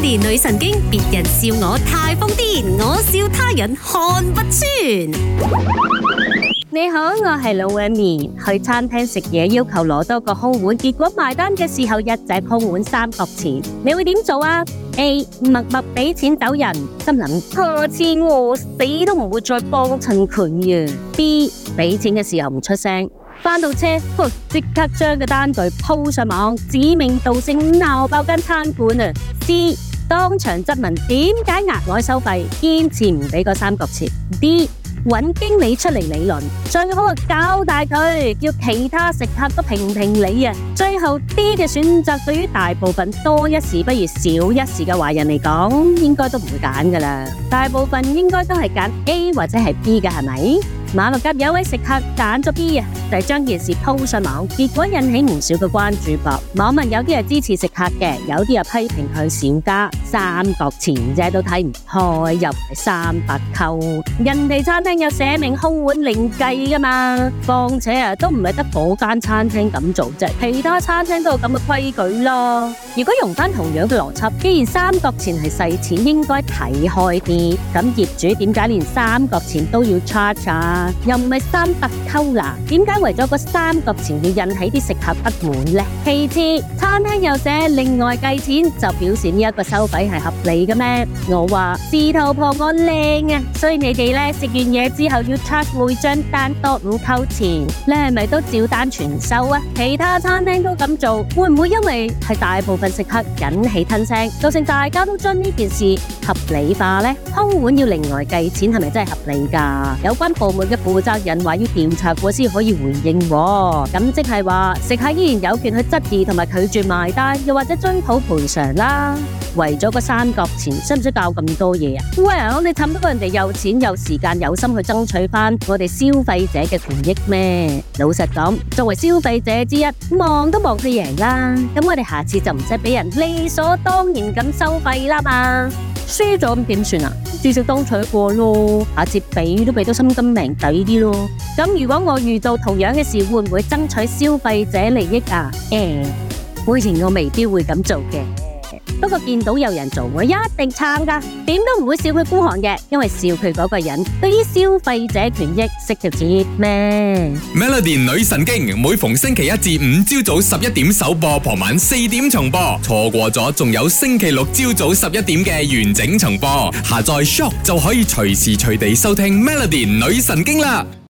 年女神經，別人笑我太瘋癲，我笑他人看不穿。你好，我係老 Melody，去餐廳食嘢要求攞多個空碗，結果埋單嘅時候一隻空碗三角錢，你會點做啊？A 默默俾錢走人，心諗下次餓死都唔會再幫襯佢嘅。B 俾錢嘅時候唔出聲。翻到車，即刻將個單據鋪上網，指名道姓鬧爆間餐館啊！C 當場質問點解額外收費，堅持唔俾嗰三角錢。D 搵經理出嚟理論，最好係搞大佢，叫其他食客都評評理啊！最後 D 嘅選擇對於大部分多一事不如少一事嘅華人嚟講，應該都唔會揀噶啦。大部分應該都係揀 A 或者係 B 噶，係咪？馬六甲有位食客揀咗 B 啊，就將件事 po 上網，結果引起唔少嘅關注噃。網民有啲係支持食客嘅，有啲又批評佢小家。三角錢啫，都睇唔開，又唔係三百扣，人地餐廳有寫明空碗另計噶嘛？況且都唔係得嗰間餐廳咁做啫，其他餐廳都有咁嘅規矩咯。如果用翻同樣嘅邏輯，既然三角錢係細錢，應該睇開啲，咁業主點解連三角錢都要 charge 啊？又唔係三百扣啊？點解為咗個三角錢要引起啲食客不滿呢？其次。餐廳又寫另外計錢，就表示呢個收費係合理嘅咩？我話事頭婆我靚啊，所以你哋呢，食完嘢之後要 check 會張單度扣錢，你係咪都照單全收啊？其他餐廳都咁做，會唔會因為係大部分食客引起吞聲，造成大家都將呢件事？合理化呢，空碗要另外計錢，係咪真係合理噶？有關部門嘅負責人話要調查過先可以回應，咁即係話食客依然有權去質疑同埋拒絕埋單，又或者追討賠償啦。為咗個三角錢，需唔需要搞咁多嘢啊？Well，你多過人哋有錢、有時間、有心去爭取翻我哋消費者嘅權益咩？老實講，作為消費者之一，望都望佢贏啦。咁我哋下次就唔使俾人理所當然咁收費啦嘛。輸咗咁點算啊？至少爭取過咯，下次俾都俾到心甘命抵啲咯。咁如果我遇到同樣嘅事，會唔會爭取消費者利益啊？誒、嗯，以前我未必會咁做嘅。不過見到有人做，我一定撐噶，點都唔會笑佢孤寒嘅，因為笑佢嗰個人對於消費者權益識條鐵咩？Melody 女神經每逢星期一至五朝早十一點首播，傍晚四點重播，錯過咗仲有星期六朝早十一點嘅完整重播，下載 Shop 就可以隨時隨地收聽 Melody 女神經啦。